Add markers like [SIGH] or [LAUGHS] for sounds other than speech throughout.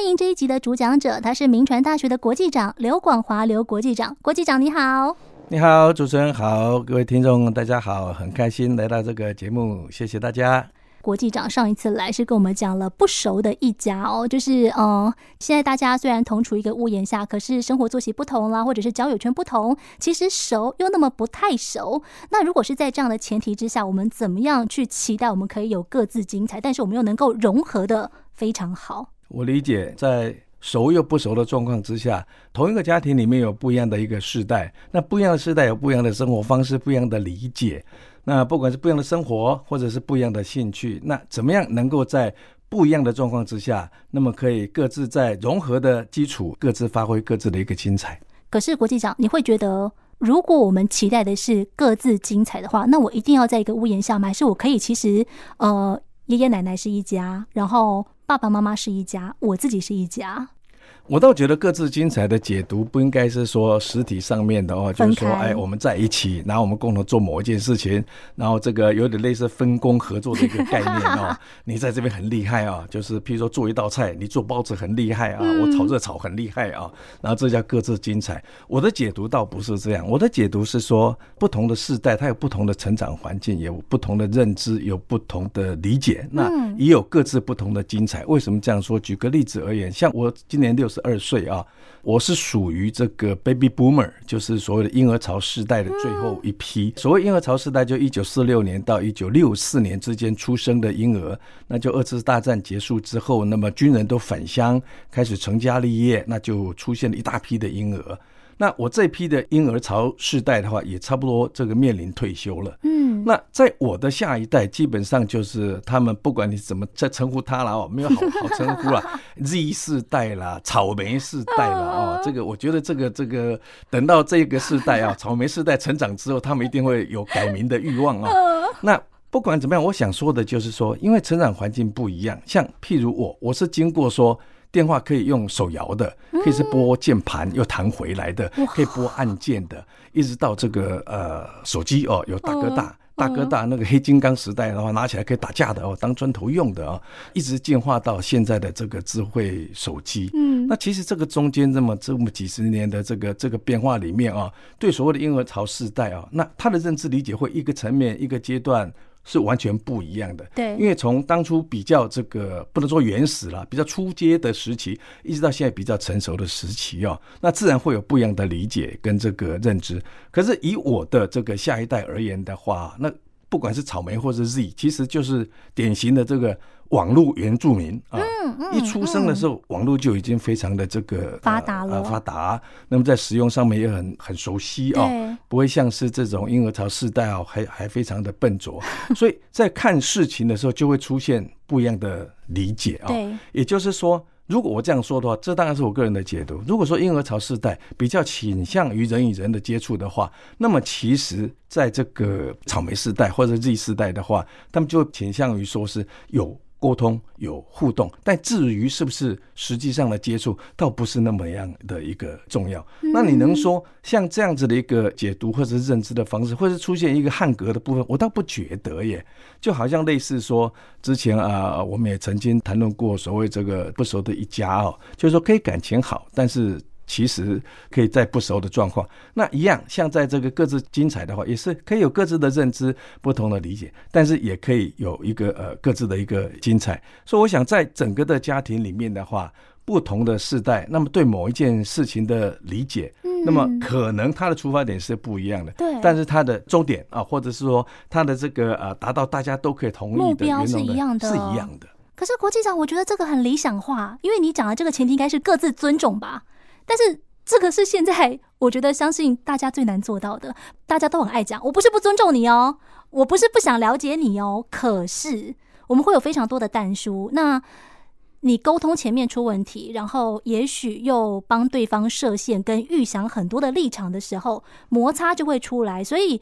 歡迎這一集的主講者，他是銘傳大學的國際長劉廣華，劉國際長，國際長你好，你好，主持人好，各位聽眾大家好，很開心來到這個節目，謝謝大家。國際長上一次來是跟我們講了不熟的一家哦，就是嗯，現在大家雖然同處一個屋檐下，可是生活作息不同啦，或者是交友圈不同，其實熟又那麼不太熟。那如果是在這樣的前提之下，我們怎麼樣去期待我們可以有各自精彩，但是我們又能夠融合的非常好？我理解，在熟又不熟的狀況之下，同一個家庭裡面有不一樣的一個世代，那不一樣的世代有不一樣的生活方式，不一樣的理解。那不管是不一樣的生活，或者是不一樣的興趣，那怎麼樣能夠在不一樣的狀況之下，那麼可以各自在融合的基礎，各自發揮各自的一個精彩？可是，國際長，你會覺得，如果我們期待的是各自精彩的話，那我一定要在一個屋檐下嗎？還是我可以其實，呃，爺爺奶奶是一家，然後……爸爸媽媽是一家，我自己是一家。我倒覺得各自精彩的解讀不應該是說實體上面的哦，就是說，哎，我們在一起，然後我們共同做某一件事情，然後這個有點類似分工合作的一個概念哦。你在這邊很厲害啊，就是譬如說做一道菜，你做包子很厲害啊，我炒熱炒很厲害啊，然後這叫各自精彩。我的解讀倒不是這樣，我的解讀是說，不同的世代，它有不同的成長環境，也有不同的認知，有不同的理解，那也有各自不同的精彩。為什麼這樣說？舉個例子而言，像我今年六十。二歲啊，我是屬於這個 baby boomer，就是所謂的嬰兒潮世代的最後一批。所謂嬰兒潮世代，就一九四六年到一九六四年之間出生的嬰兒。那就二次大戰結束之後，那麼軍人都返鄉，開始成家立業，那就出現了一大批的嬰兒。那我這批的嬰兒潮世代的話，也差不多這個面臨退休了。嗯，那在我的下一代，基本上就是他們，不管你怎麼在稱呼他了哦，沒有好好稱呼了，Z 世代啦，草莓世代啦，哦。這個我覺得，這個這個等到這個世代啊，草莓世代成長之後，他們一定會有改名的欲望啊。那不管怎麼樣，我想說的就是說，因為成長環境不一樣，像譬如我，我是經過說。電話可以用手搖的，可以是撥鍵盤又彈回來的，嗯、可以撥按鍵的，一直到這個呃手機哦，有大哥大，大哥大那個黑金剛時代的、哦、話，拿起來可以打架的哦，當磚頭用的哦，一直進化到現在的這個智慧手機。嗯，那其實這個中間這麼這麼幾十年的這個這個變化裡面啊、哦，對所謂的嬰兒潮時代啊、哦，那他的認知理解會一個層面一個階段。是完全不一樣的，對，因為從當初比較這個不能說原始啦，比較初階的時期，一直到現在比較成熟的時期啊、喔，那自然會有不一樣的理解跟這個認知。可是以我的這個下一代而言的話，那不管是草莓或者是 Z，其實就是典型的這個網絡原住民啊，一出生的時候網絡就已經非常的這個、呃、發達了，發達。那麼在使用上面也很很熟悉啊、喔。不會像是這種嬰兒潮世代哦，還還非常的笨拙，所以在看事情的時候就會出現不一樣的理解啊、哦。 [LAUGHS] 也就是說，如果我這樣說的話，這當然是我個人的解讀。如果說嬰兒潮世代比較傾向於人與人的接觸的話，那麼其實在這個草莓世代或者 Z 世代的話，他們就傾向於說是有。溝通有互動，但至於是不是實際上的接觸，倒不是那麼樣的一個重要。那你能說像這樣子的一個解讀或者是認知的方式，或者是出現一個扞格的部分，我倒不覺得耶。就好像類似說之前啊，我們也曾經談論過所謂這個不熟的一家哦，就是說可以感情好，但是。其實可以在不熟的狀況，那一樣像在這個各自精彩的話，也是可以有各自的認知、不同的理解，但是也可以有一個呃各自的一個精彩。所以，我想在整個的家庭裡面的話，不同的世代，那麼對某一件事情的理解，那麼可能它的出發點是不一樣的，對，但是它的終點啊，或者是說它的這個呃達到大家都可以同意的目標是一樣的，是一樣的。可是，國際上我覺得這個很理想化，因為你講的這個前提應該是各自尊重吧。但是這個是現在我覺得相信大家最難做到的。大家都很愛講，我不是不尊重你哦，我不是不想了解你哦，可是我們會有非常多的但書，那你溝通前面出問題，然後也許又幫對方設限跟預想很多的立場的時候，摩擦就會出來，所以。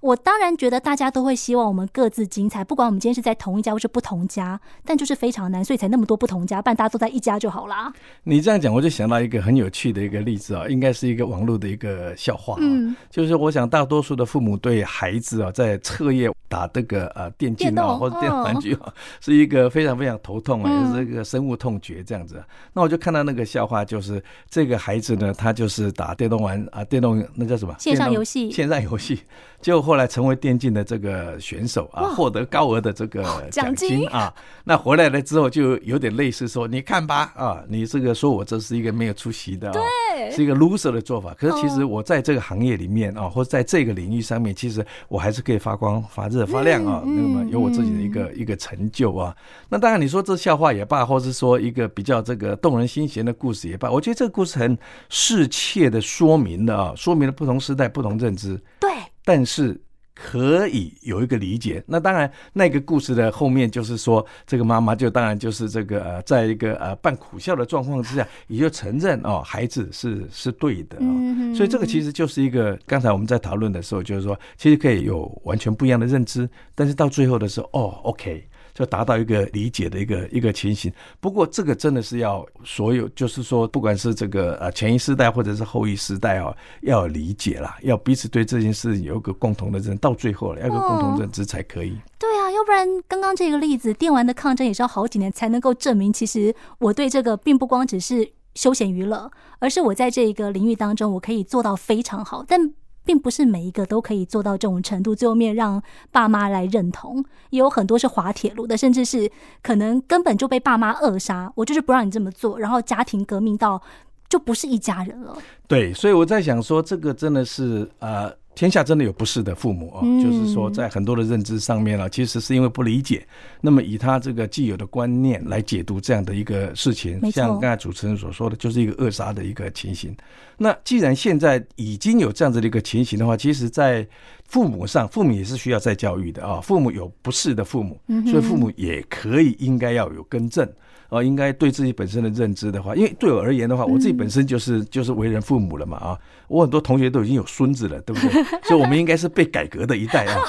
我當然覺得大家都會希望我們各自精彩，不管我們今天是在同一家或是不同家，但就是非常難，所以才那麼多不同家，不然大家都在一家就好了。你這樣講，我就想到一個很有趣的一個例子啊，應該是一個網絡的一個笑話嗯，就是我想大多數的父母對孩子啊，在徹夜打這個呃電競啊，或者電動玩具啊，哦，是一個非常非常頭痛啊、嗯，也是個深惡痛絕這樣子。那我就看到那個笑話，就是這個孩子呢，他就是打電動玩啊，電動那叫什麼？線上遊戲。線上遊戲就。後來成為電競的這個選手啊，獲得高額的這個獎金啊。那回來了之後，就有點類似說：“你看吧，啊，你這個說我這是一個沒有出息的，對，是一個 loser 的做法。可是其實我在這個行業裡面啊，或在這個領域上面，其實我還是可以發光、發熱、發亮啊。那麼有我自己的一個一個成就啊。那當然你說這笑話也罷，或是說一個比較這個動人心弦的故事也罷，我覺得這個故事很適切的說明了啊，說明了不同時代，不同認知。對。但是可以有一個理解，那當然那個故事的後面就是說，這個媽媽就當然就是這個呃，在一個呃半苦笑的狀況之下，也就承認哦，孩子是是對的哦。所以這個其實就是一個剛才我們在討論的時候，就是說其實可以有完全不一樣的認知，但是到最後的時候，哦，OK。就達到一個理解的一個一個情形，不過這個真的是要所有，就是說，不管是這個呃前一世代或者是後一世代哦，要理解啦，要彼此對這件事有一個共同的認知，到最後要有個共同認知才可以。哦，對啊，要不然剛剛這個例子，電玩的抗爭也是要好幾年才能夠證明，其實我對這個並不光只是休閒娛樂，而是我在這一個領域當中，我可以做到非常好，但。並不是每一個都可以做到這種程度，最後面讓爸媽來認同，也有很多是滑鐵盧的，甚至是可能根本就被爸媽扼殺。我就是不讓你這麼做，然後家庭革命到就不是一家人了。對，所以我在想說，這個真的是呃。天下真的有不是的父母啊，就是說在很多的認知上面呢，啊，其實是因為不理解。那麼以他這個既有的觀念來解讀這樣的一個事情，像剛才主持人所說的，就是一個扼殺的一個情形。那既然現在已經有這樣子的一個情形的話，其實，在父母上，父母也是需要再教育的啊。父母有不是的父母，所以父母也可以應該要有更正啊，應該對自己本身的認知的話，因為對我而言的話，我自己本身就是就是為人父母了嘛，啊，我很多同學都已經有孫子了，對不對？ [LAUGHS] 所 [LAUGHS] 以我們應該是被改革的一代啊，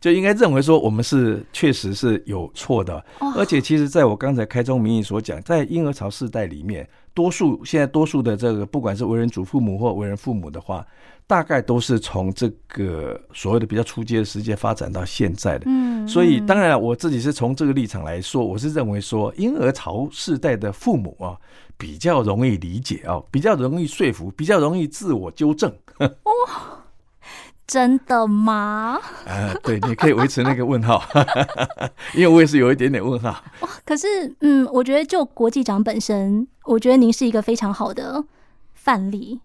就應該認為說我們是確實是有錯的，而且其實在我剛才開宗明義所講，在嬰兒潮世代裡面，多數現在多數的這個不管是為人祖父母或為人父母的話，大概都是從這個所謂的比較初階的世界發展到現在的。嗯，所以當然我自己是從這個立場來說，我是認為說嬰兒潮世代的父母啊，比較容易理解啊，比較容易說服，比較容易自我糾正。 [LAUGHS] 真的嗎？啊、 [LAUGHS] 呃，對，你可以維持那個問號， [LAUGHS] 因為我也是有一點點問號。可是，嗯，我覺得就國際長本身，我覺得您是一個非常好的範例，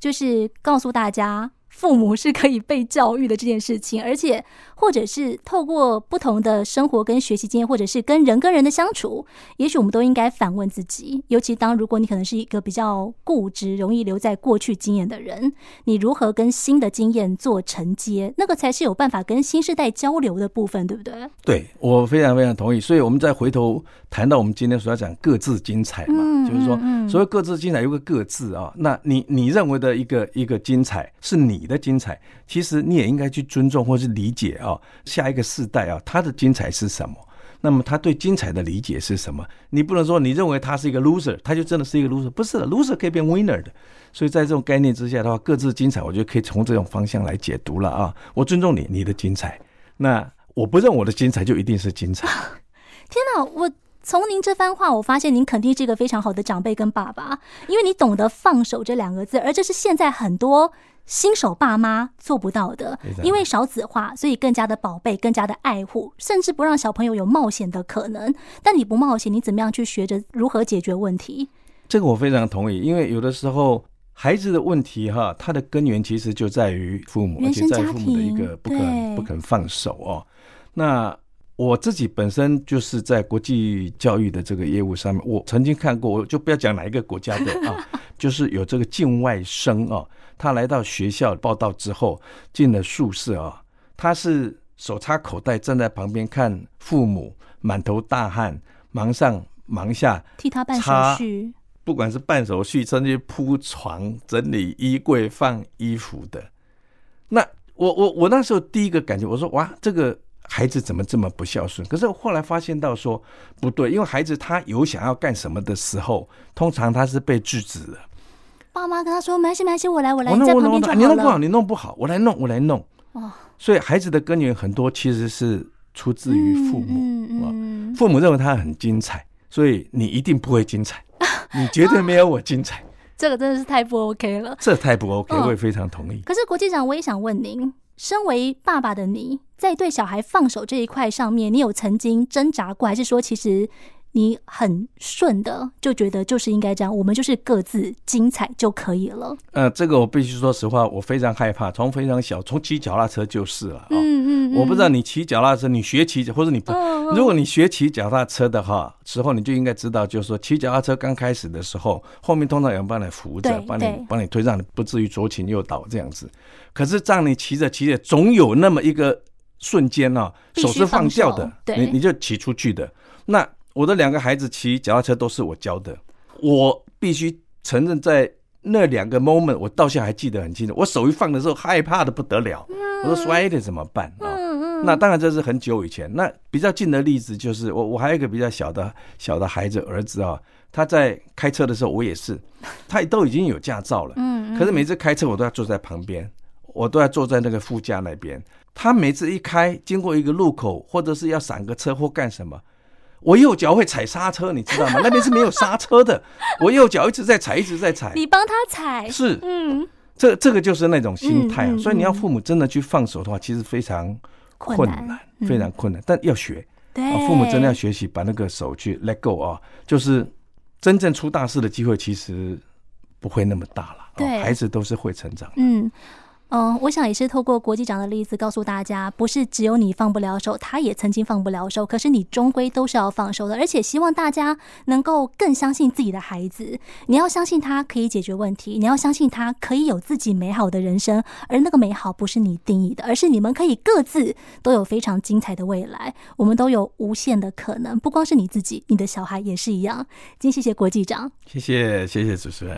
就是告訴大家。父母是可以被教育的這件事情，而且或者是透過不同的生活跟學習經驗，或者是跟人跟人的相處，也許我們都應該反問自己。尤其當如果你可能是一個比較固執、容易留在過去經驗的人，你如何跟新的經驗做承接？那個才是有辦法跟新世代交流的部分，對不對？對，我非常非常同意。所以我們再回頭談到我們今天所要講各自精彩嘛，嗯嗯嗯就是說，所謂各自精彩，有個各自啊。那你你認為的一個一個精彩是你的。你的精彩，其實你也應該去尊重或是理解啊、哦。下一個世代啊、哦，他的精彩是什麼？那麼他對精彩的理解是什麼？你不能說你認為他是一個 loser，他就真的是一個 loser。不是的，loser 可以變 winner 的。所以在這種概念之下的話，各自精彩，我就可以從這種方向來解讀了啊。我尊重你，你的精彩。那我不認我的精彩，就一定是精彩。天哪！我從您這番話，我發現您肯定是一個非常好的長輩跟爸爸，因為你懂得放手這兩個字，而這是現在很多。新手爸媽做不到的，因為少子化，所以更加的寶貝，更加的愛護，甚至不讓小朋友有冒險的可能。但你不冒險，你怎麼樣去學着如何解決問題？這個我非常同意，因為有的時候孩子的問題，哈，他的根源其實就在於父母，原生家庭，而且在父母的一個不肯不肯放手哦。那。我自己本身就是在國際教育的這個業務上面，我曾經看過，我就不要講哪一個國家的啊， [LAUGHS] 就是有這個境外生啊，他來到學校報到之後，進了宿舍啊，他是手插口袋站在旁邊看父母滿頭大汗忙上忙下替他辦手續，不管是辦手續，甚至鋪床、整理衣櫃、放衣服的，那我我我那時候第一個感覺，我說哇，這個。孩子怎麼這麼不孝順？可是我後來發現到說不對，因為孩子他有想要幹什麼的時候，通常他是被制止了。爸媽跟他說：“沒關係，沒關係，我來，我來，我弄，你在旁邊就好了。你弄不好，你弄不好，我來弄，我來弄。哦。所以孩子的根源很多其實是出自於父母。嗯嗯嗯。父母認為他很精彩，所以你一定不會精彩， [LAUGHS] 你絕對沒有我精彩，哦。這個真的是太不 OK 了，這個、太不 OK。哦、我也非常同意。可是國際長，我也想問您。身為爸爸的你，在對小孩放手這一塊上面，你有曾經掙扎過，還是說其實？你很順的就覺得就是應該這樣，我們就是各自精彩就可以了。呃，這個我必須說實話，我非常害怕。從非常小，從騎腳踏車就是了啊、哦。嗯嗯，嗯我不知道你騎腳踏車，你學騎或者你不、呃，如果你學騎腳踏車的話時候，你就應該知道，就是說騎腳踏車剛開始的時候，後面通常有人幫你扶着，幫你幫你推，讓你不至於左傾右倒這樣子。可是，這樣你騎着騎着，總有那麼一個瞬間啊、哦，手是放掉的，對你你就騎出去的那。我的兩個孩子騎腳踏車都是我教的，我必須承認，在那兩個 moment，我到現在還記得很清楚。我手一放的時候，害怕得不得了。我說摔了怎麼辦？哦，那當然這是很久以前。那比較近的例子就是我，我我還有一個比較小的小的孩子兒子啊，哦，他在開車的時候，我也是，他都已經有駕照了。嗯，可是每次開車我都要坐在旁邊，我都要坐在那個副駕那邊。他每次一開，經過一個路口，或者是要閃個車或幹什麼。我右腳會踩剎車，你知道嗎？ [LAUGHS] 那邊是沒有剎車的，我右腳一直在踩，一直在踩。 [LAUGHS] 你幫他踩。是，嗯，這這個就是那種心態、啊嗯。所以你要父母真的去放手的話，其實非常困難，困難非常困難。嗯、但要學，對，父母真的要學習把那個手去 let go 啊，就是真正出大事的機會其實不會那麼大了，哦。孩子都是會成長的。的、嗯嗯，oh，我想也是透過國際長的例子告訴大家，不是只有你放不了手，他也曾經放不了手。可是你終歸都是要放手的，而且希望大家能夠更相信自己的孩子。你要相信他可以解決問題，你要相信他可以有自己美好的人生。而那個美好不是你定義的，而是你們可以各自都有非常精彩的未來。我們都有無限的可能，不光是你自己，你的小孩也是一樣。今謝謝國際長，謝謝謝謝主持人。